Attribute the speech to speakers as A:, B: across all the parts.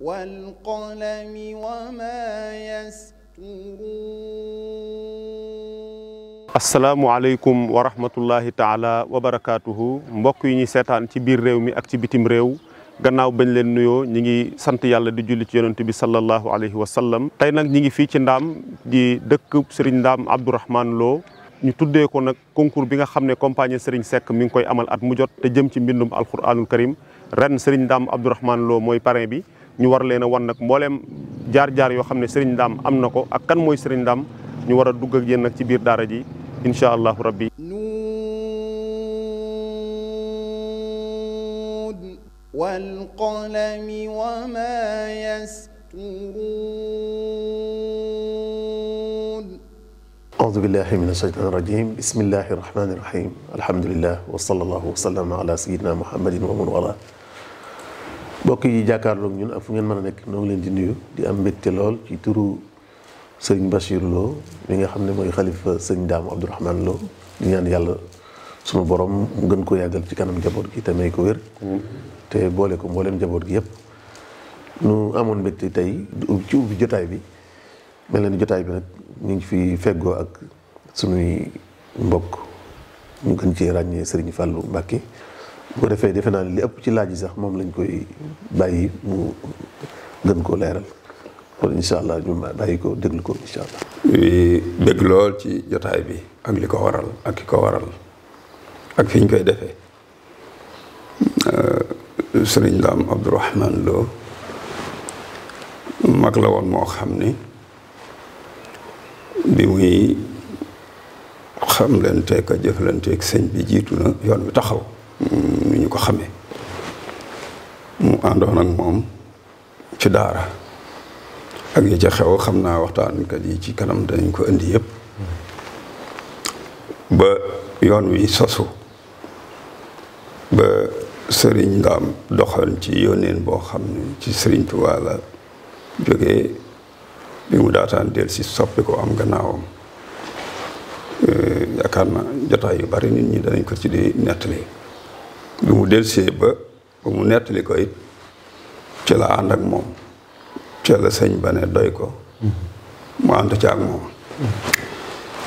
A: والقلم وما يسطرون asalaamualeykum wa rahmatullahi taala wa barakaatuhu mbokk yi ñuy seetaan ci biir réew mi ak ci bitim réew gannaaw bañ leen nuyoo ñi ngi sant yàlla di julli ci yonent bi sallallahu alayhi wa sallam tey nag ñi ngi fii ci ndaam di dëkk Serigne Ndaam Abdourahmane Lo ñu tuddee ko nag concours bi nga xam ne compagnie Serigne sekk mi ngi koy amal at mu jot te jëm ci mbindum alquranul karim ren Serigne Ndaam Abdourahmane Lo mooy parrain bi ñu war leen a wan nag mbooleem jaar-jaar yoo xam ne sëriñ Ndaam am na ko ak kan mooy sëriñ Ndaam ñu war a dugg ak yéen nag ci biir daara ji incha allahu rabbi nuun wal qalami wa ma yasturuun
B: audu billahi min ashaytan rajim bismillahi bokk yi jàkkaarloog ñun ak fu ngeen mën a nekk noo ngi leen di nuyu di am mbégte lool ci turu sëriñ Bachir Lo nga xam ne mooy xalifa sëriñ Dame Abdourahmane Lo di ñaan yàlla sunu borom mu gën ko yàggal ci kanam jaboot gi te may ko wér. te boole ko mbooleem jaboot gi yëpp. nu amoon mbégte tey ci ubbi jotaay bi mel na jotaay bi nag ñu ngi fi feggoo ak suñuy mbokk ñu gën ci ràññee sëriñ Fallou Mbacké. bu ko defee defe naa ne li ëpp ci laaj yi sax moom lañ koy bàyyi mu gën koo leeral
C: kon incha allah ñu bàyyi ko déglu ko incha allah. dégg lool ci jotaay bi ak li ko waral ak ki ko waral ak fi ñu koy defe euh, sëriñ Daam Abdourahman loo mag la woon moo xam ne bi muy xam leen teg a jëflanteeg sëñ bi jiitu na yoon wi taxaw. ni ñu ko xamee mu àndoon ak moom ci daara ak yi ca xew xam naa waxtaan ka yi ci kanam danañ ko indi yëpp ba yoon wi sosu ba sëriñ ndaam doxal ci yónneen boo xam ne ci sëriñ Tuubaa la bi mu daataan del si soppi ko am gannaawam yaakaar na jotaay yu bari nit ñi danañ ko ci di nettali bi mu delsee ba ba mu nettali ko it ci la ànd ak moom ci la sëñ ba doy ko mu ànd ci ak moom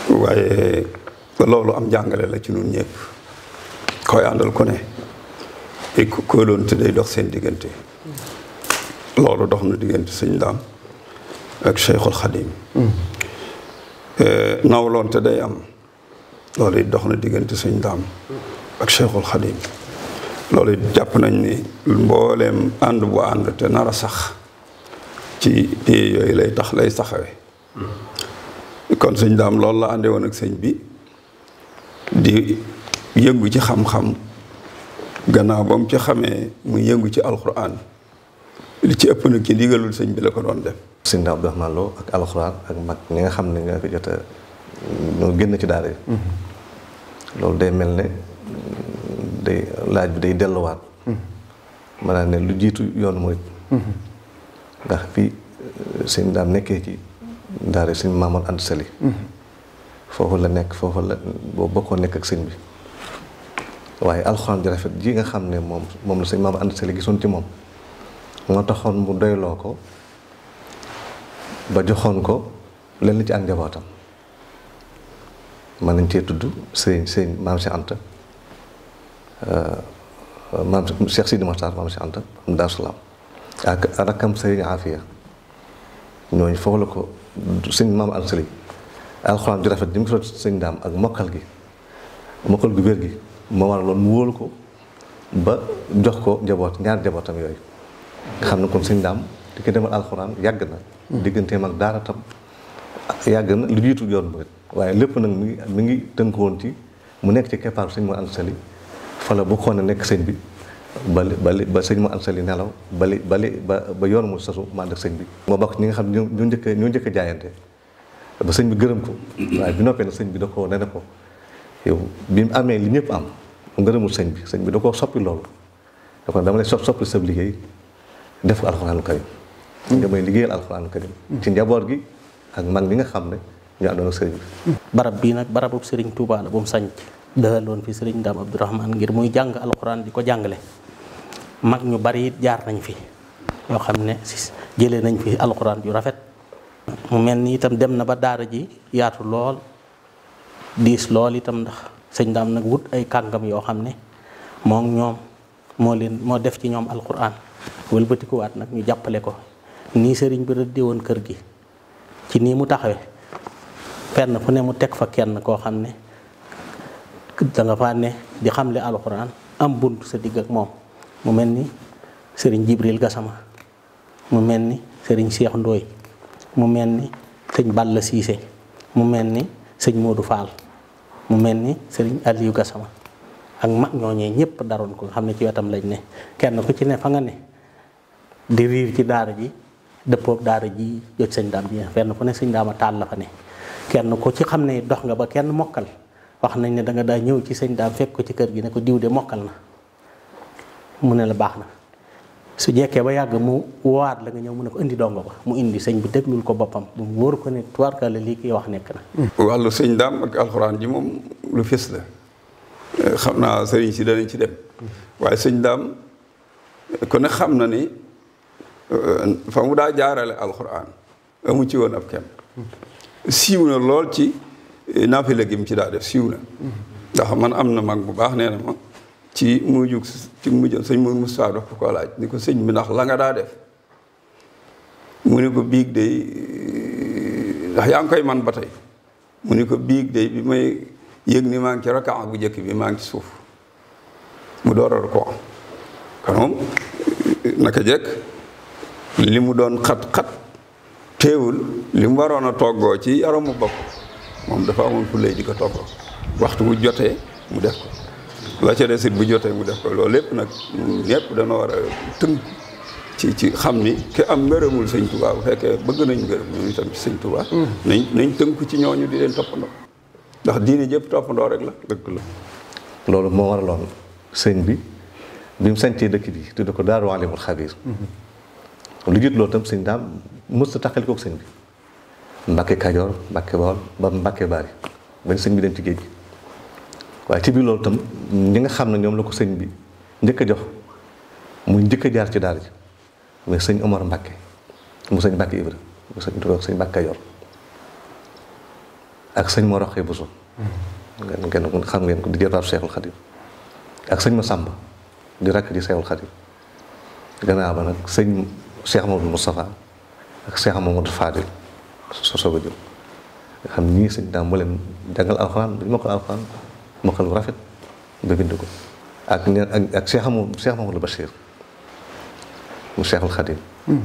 C: waaye loolu am jàngale la ci ñun ñëpp koy àndal ku ne i kóolóonte day dox seen diggante loolu dox na diggante sëñ daam ak Cheikhul Khadim eh, nawloonte day am loolu it dox na diggante sëñ daam ak Cheikhul Khadim loolu jàpp nañ ni mbooleem ànd bu ànd te nar sax ci téye yooyu lay tax lay saxawe kon sëñ daam loolu la ànde woon ak sëñ bi di yëngu ci xam-xam gannaaw ba mu ci xamee mu yëngu ci alxuraan li ci ëpp nag ci ndigalul sëñ bi la ko doon def sëñ daam Abdourahmane Lo ak alxuraan ak mag ñi nga xam ne nga ko jot a ñoo génn
D: ci daara yi
A: mm-hmm.
D: loolu day mel ne day laaj bi day delluwaat. Hmm. ma daan ne lu jiitu yoon murit hmm. ndax fii eh, sëñ daan nekkee ci daara sëñ Maamoor Anta Sali hmm. foofu la nekk foofu la boo bokkoo nekk ak sëñ bi waaye alxuraan ji rafet jii nga xam ne moom moom la sëñ Maamoor Anta Sali gisoon ci moom moo taxoon mu doyloo ko ba joxoon ko lenn ci ak njabootam mën nañ cee tudd sëñ sëñ maam si Anta Euh, maam Cheikh Sidi Makhtar maam Cheikh Anta am ak rakkam Sëriñ Afiya ñooñu foofu la ko sëñ maam al sëriñ alxuraan ju rafet di mu ko ak mokkal gi mokkal gu wér gi moo waral loolu mu ko ba jox ko njaboot ñaar njabootam yooyu nga xam ne kon sëñ daam di ko demal alxuraan yàgg na digganteem ak daara tam yàgg na lu jiitu yoon bi waaye lépp nag mu ngi mi ngi tënk woon ci mu nekk ci keppaaru sëñ moo al fa la bokkoon nekk sëñ bi ba li ba ba sëñ mu am sali nelaw ba li ba ba ba yoon mu sasu ma ànd ak sëñ bi moo bokk ñi nga xam ne ñoo njëkk ñoo njëkk jaayante sëñ bi gërëm ko waaye bi noppee nag sëñ bi da koo ne ko bi mu amee li ñëpp am mu gërëmul sëñ bi sëñ bi da koo soppi loolu dama lay sop soppi liggéey def ko alxuraanu karim nga hmm. may liggéeyal alxuraanu hmm. ci njaboot gi ak mag ñi nga xam ne ñu àndoon ak sëriñ bi hmm. barab bii nag
E: barabu sëriñ Tuubaa la bu mu sànc dëhaloon fi sëriñ Ndaam Abdourahman ngir muy jàng alxuraan di ko jàngale mag ñu bari it jaar nañ fi yoo xam ne jëlee nañ fi alxuraan ju rafet mu mel ni itam dem na ba daara ji yaatu lool diis lool itam ndax sëñ Ndaam nag wut ay kàngam yoo xam ne moom ñoom moo leen moo def ci ñoom alxuraan wëlbatikuwaat nag ñu jàppale ko nii sëriñ bi rëddi kër gi ci nii mu taxawe fenn fu ne mu teg fa kenn koo xam ne da nga faa ne di xamle alxuraan am bunt sa digg ak moom mu mel ni sëriñ Jibril Gassama mu mel ni sëriñ Cheikh Ndooy mu mel ni sëñ Balla Siise mu mel ni sëñ Modou Fall mu mel ni sëriñ Aliou Gassama ak mag ñooñee ñëpp daroon ko nga xam ne ci wetam lañ ne kenn ku ci ne nga ne di riir ci daara ji dëppoog daara ji jot sëñ daam ji fenn ku ne sëñ daama taal la fa ne kenn ku ci xam ne dox nga ba kenn mokkal wax nañ ne da nga daa ñëw ci sëñ daam fekk ko ci kër gi ne ko diw de mokkal na mu ne la baax na su jekkee ba yàgg mu wowaat la nga ñëw mu ne ko indi dongo ba mu indi sëñ bi déglul ko boppam bu mu wóor ko ne tubaarkaale lii kii wax nekk na.
C: wàllu sëñ daam ak alxuraan ji moom lu fés la xam naa sëriñ si danañ ci dem waaye sëñ daam kon ne xam na ni fa mu daa jaarale alxuraan amu ci woon ab kenn siiw na lool ci. naa gi mu ci daa def siw na ndax man am na mag bu baax nee na ma ci mu jug ci mu mujj sëñ Mourou Moustapha dox ni ko sëñ bi ndax langa daa def mu ni ko biig day ndax yaa ngi koy man ba tey mu ni ko biig day bi may yëg ni maa ngi ci rakaa bu njëkk bi maa ngi ci suuf mu dooral ko am kon naka jekk li mu doon xat-xat teewul li mu waroon a toggoo ci yaramu bokk moom dafa amoon fullay di ko topp waxtu wu jotee mu def ko la ca des bu jotee mu def ko loolu lépp nag ñëpp dana war a tënk ci ci xam ni ki am ngërëmul sëñ Tuubaa bu fekkee bëgg nañ ngërëm ñoom itam ci sëñ Tuubaa mm. nañ nañ tënk ci ñooñu di leen toppandoo ndax diine jëpp toppandoo rek la dëgg la
D: loolu moo war a lool sëñ bi bi mu sañtee dëkk bi tudde ko Daaru Alimul Xabiir
C: mm-hmm.
D: lu jiit loolu tam sëñ daam mës ta taxal sëñ bi Mbacke Kajoor Mbacke Bawol ba Mbacke Bari benn sëñ bi dem ci géej gi waaye ci biir loolu itam ñi nga xam ne ñoom la ko sëñ bi njëkk a jox mu njëkk jaar ci daal ji mais sëñ Omar Mbacke mu sëñ Mbacke Ibra mu sëñ Tuubaa sëñ Mbacke Kajoor ak sëñ Mor Roxaya Bousso ngeen ngeen xam ngeen ko di jëlaat Seexul Xadim sëñ Massamba di rakk di Seexul Xadim gannaaw sëñ Cheikh Mamadou Moustapha ak Cheikh Mamadou Fadil sosoog a jóg nga xam nii sëñ daam moo leen jàngal alxuraan dañu mokkal alxuraan mokkal bu rafet ba bind ak ña ak ak Cheikh Amou Cheikh mu Cheikhul Khadim hmm.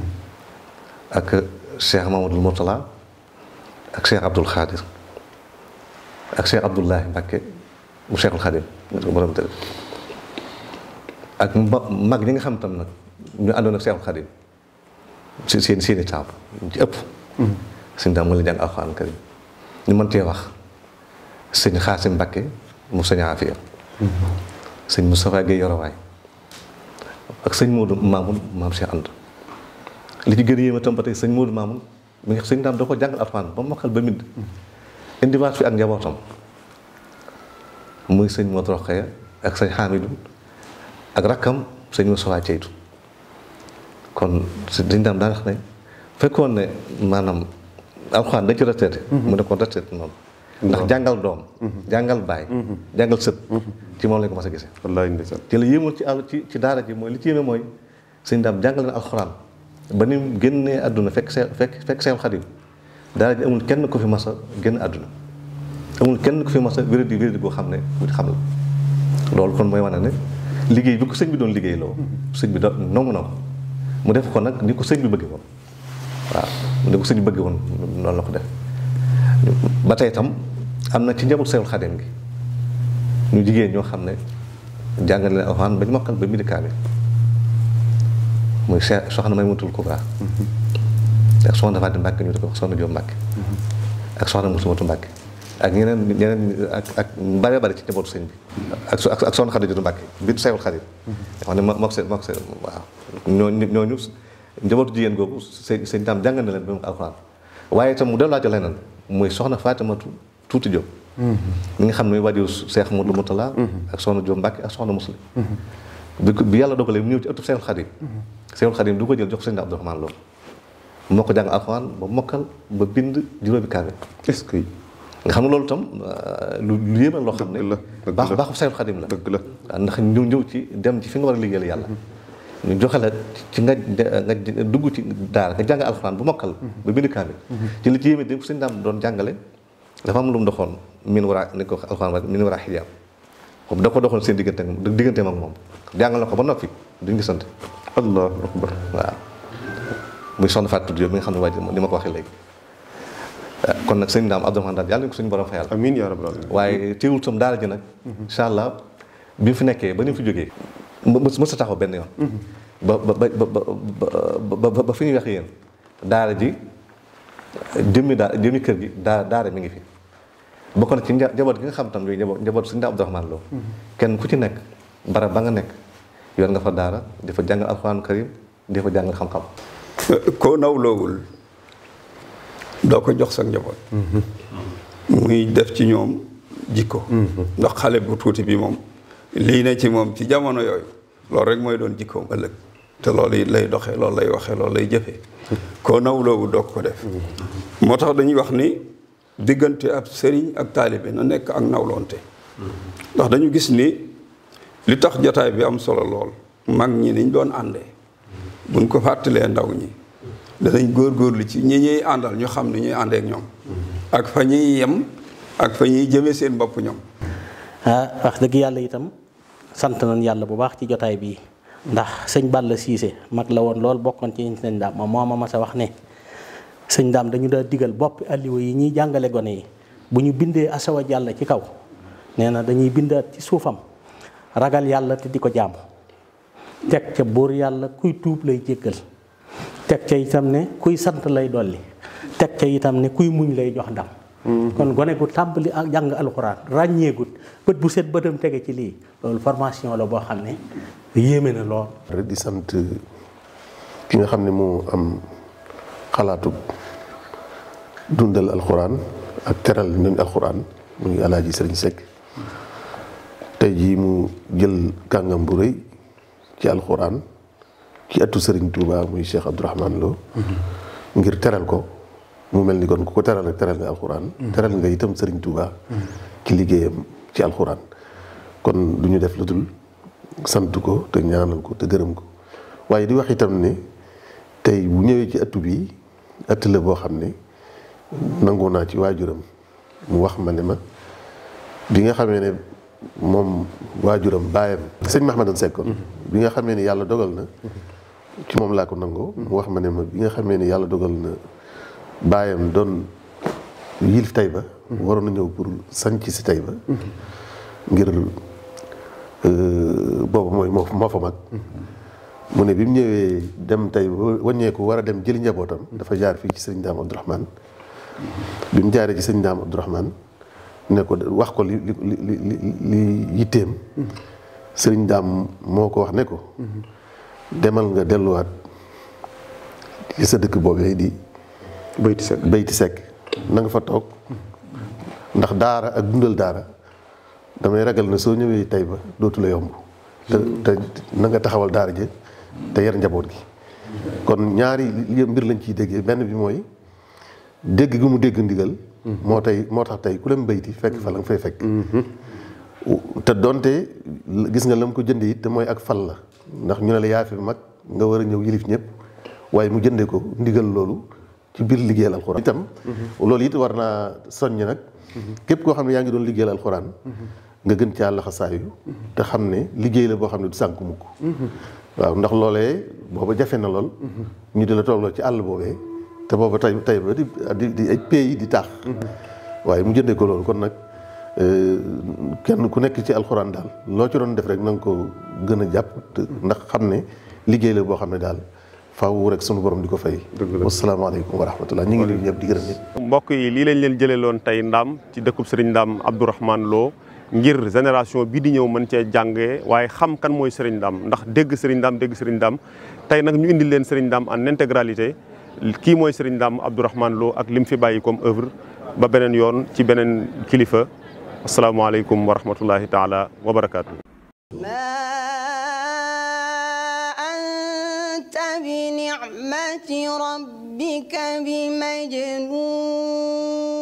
D: ak Cheikh Mamadou Mourtala ak Cheikh Abdoul Khadir ak Cheikh Abdoulahi Mbacké mu tëdd ak mag ñi nga xam tam nag ñu àndoon seen seen i taab ci ëpp hmm. sëñ daam mu la jàng alxuraan karim ñu mën cee wax sëñ Xaasim Mbàkke mu sëñ Aafiya sëñ Moustapha Guèye Yorowaay ak sëñ Moodu Maamun maam Cheikh Anta li ci a yéeme tam ba tey sëñ Moodu Maamun daam da ko jàngal alxuraan ba mokkal ba mid indiwaat fi ak njabootam muy sëñ Moodu Roxaya ak sëñ Xaamidu ak rakkam sëñ Moustapha Ceytu kon sëñ daam daa wax ne fekkoon ne maanaam alxuraan da ci retraité mu ne kon retraité noonu ndax jàngal doom mhm. jàngal baay mhm. jàngal sët mhm. ci moom lañ ko mas a gisee wallaahi ndeysaan ci la yéemoon ci àll ci ci daara ji mooy li ci yéeme mooy sëñ daam jàngal na alxuraan ba ni génnee àdduna fekk see fekk fekk seen xadim daara ji amul kenn ko fi mas a génn àdduna amul kenn ko fi mas a wéradi wéradi boo xam ne xam la loolu kon mooy wane ne liggéey bi ko sëñ bi doon liggéey loo sëñ bi doon nangu na mu def ko nag ni ko sëñ bi bëgg mu ne ko suñu bëgg woon noonu la ko def ba tey itam am na ci njaboot Seexul Xadim gi ñu jigéen ñoo xam ne jàngale leen alxuraan ba ñu mokkal ba médical bi muy soxna Maymunatul Kubra ak soxna Fatou Mbacke ñu di ko wax soxna Diop Mbacke ak soxna Musumatu ak ñeneen ñeneen ak ak bare bare ci njabootu sëñ bi ak ak soxna Xadi Jotu Mbacke biir Seexul Xadim moo ko moo ko seen waaw njabootu jigéen googu sëñ sëñ jàngal na leen ba mu alxuraan waaye itam mu delluwaat ci leneen muy soxna Fatimatu Tuuti Jóob mm-hmm. mi nga xam ne waajur Seex Moodu Mutala mm-hmm. ak soxna Jóob Mbàkke ak soxna Muslim
B: mm-hmm.
D: bi bi yàlla dogalee mu ñëw ci ëttu Seexul Xadim Seexul Xadim du ko jël jox sëñ daam Abdourahmane loolu moo ko jàng alxuraan ba mokkal ba bind juróomi kaamil est-ce nga xam ne loolu itam euh, lu lu yéemal loo xam ne baax baaxu Seexul Xadim la dëgg la ndax ñëw ñëw ci dem ci fi nga war a liggéeyal yàlla ñu joxe la ci nga euh, nga dugg ci daal nga jàng alxuraan bu mokkal mhm. ba bind kaamil mhm. ci la ci yéeme dégg sëñ daam doon jàngale dafa am lu mu doxoon min war a ni war a xijaab da ko doxoon seen diggante diggante ak moom jàngal na ko ba noppi duñ gisante allahu akbar waaw muy soxna Fatou Diop mi nga xam ne waaj li ma ko waxee léegi euh, kon nag sëñ daam Abdourahmane daal yàlla ñu ko suñu borom waaye teewul sam daara ji nag mhm. incha allah bi mu fi nekkee ba ni fi jógee mës mës a taxaw benn yoon. ba ba ba ba ba ba fi ñuy wax yéen daara ji jëmmi daa jëmmi kër gi daa daara mi ngi fi. bokk na ci njaboot gi nga xam tam yooyu njaboot njaboot suñu daa Abdourahmane Lo kenn ku ci nekk barab ba nga nekk yor nga fa daara di fa jàngal alxuraan karim di fa jàngal xam-xam.
C: koo nawloowul doo ko jox sa njaboot. Mm-hmm. muy def ci ñoom jikko. Mm-hmm. ndax xale bu tuuti bi moom. lii ne ci moom ci jamono yooyu loolu rek mooy doon jikkoom ëllëg te loolu it lay doxee loolu lay waxee loolu lay jëfee koo nawloobu doog ko def moo tax dañuy wax ni diggante ab sëriñ ak taalibe na nekk ak nawloonte ndax dañu gis ni li tax jotaay bi am solo lool mag ñi niñ doon àndee buñ ko fàttalee ndaw ñi danañ góor góorgóorlu ci ñi ñuy àndal ñu xam ni ñuy àndeek ñoom ak fa ñuy yem ak fa ñuy jëme seen bopp ñoom
E: wax dëgg yàlla itam sant nañ yàlla bu baax ci jotaay bii ndax sëñ la Cissé mag la woon lool bokkoon ci sëñ daam moom moo ma mas a wax ne sëñ ndam dañu daal digal boppi alliwa yi ñuy jàngale gone yi bu ñu bindee asawa jàll ci kaw nee na dañuy bindaat ci suufam ragal yàlla te di ko jaamu teg ca buur yàlla kuy tuub lay jéggal teg ca itam ne kuy sant lay dolli teg ca itam ne kuy muñ lay jox ndam kon gone gu tàmbali ak jàng alxuraan ràññeegut bët bu set bëtam tege ci lii loolu formation la boo xam ne yéeme
B: na lool. rek sant ki nga xam ne moo am xalaatu dundal alxuraan ak teral ñun alxuraan muy alaaji sëriñ Seck tey jii mu jël kàngam bu rëy ci alxuraan ci atu sëriñ Touba muy Cheikh Abdourahman Lo ngir teral ko. mu mel ni kon ku ko teral rek teral nga alxuraan. Mhm. teral nga itam Serigne Touba. ci liggéeyam ci alxuraan. kon du ñu def lu dul sant ko te ñaanal ko te gërëm ko waaye di wax itam ne tey bu ñëwee ci ëttu bi ëtt la boo xam ne nangu naa ci waajuram mu wax ma ne ma bi nga xamee ne moom waajuram baayam sëñ Mahamadan Sekkoon mhm. bi nga xamee ne yàlla dogal na ci moom laa ko nangoo mu wax ma ne ma bi nga xamee ne yàlla dogal na baayam doon yilif Taïba mhm. waroon na ñëw pour sanc si Taïba mhm. ngir euh, boobu mooy moo moo fa mag mhm. mu ne bi mu ñëwee dem Taïba wàññeeku war a dem jëli njabootam dafa jaar fii ci sëriñ Daam Abdourahmane bi mu jaaree ci sëriñ Daam Abdourahmane ne ko wax ko li li li li yitteem sëriñ daam moo ko wax ne ko demal nga delluwaat ci sa dëkk boobee di bayti sekk bayti na nga fa toog ndax daara ak dundal daara damay ragal na soo ñëwee tey ba dootu la yomb te te na nga taxawal daara ji te yar njaboot gi kon ñaari mbir lañ ciy déggee benn bi mooy dégg gi mu dégg ndigal moo tey moo tax tey ku lem bayti fekk fa la nga fay fekk te donte gis nga la mu ko jënde it te mooy ak fal la ndax ñu ne la yaa mag nga war a ñëw yilif ñëpp waaye mu jënde ko ndigal loolu ci biir liggéeyal alxuraan itam mm-hmm. loolu it war naa soññ nag mm-hmm. képp koo xam ne yaa ngi doon liggéeyal alxuraan mm-hmm. nga gën caa laxasaayu te xam ne liggéey la boo xam ne du sànk mukk waaw ndax loolee booba jafe na lool ñu di la lool ci àll boobee te booba tay tay ba di di ay pays di taax waaye mu jëndee ko loolu kon nag euh, kenn ku nekk ci alxuraan daal loo ci doon def rek na ko gën a jàpp ndax xam ne liggéey la boo xam ne daal faaw rek sunu borom di ko fay. dëgg la wasalaamaaleykum wa rahmatulah ñu ngi nuyu ñëpp di gërëm ñëpp.
A: mbokk yi lii lañ leen jëleeloon tey Ndam ci dëkkub Serigne Ndam Abdourahmane loo ngir génération bii di ñëw mën cee jàngee waaye xam kan mooy Serigne Ndam ndax dégg Serigne Ndam dégg Serigne Ndam tey nag ñu indi leen Serigne Ndam en intégralité kii mooy Serigne Ndam Abdourahmane Lo ak lim fi bàyyi comme euvre ba beneen yoon ci beneen kilifa asalaamaaleykum wa rahmatullahi taala wa رحمة ربك بمجنون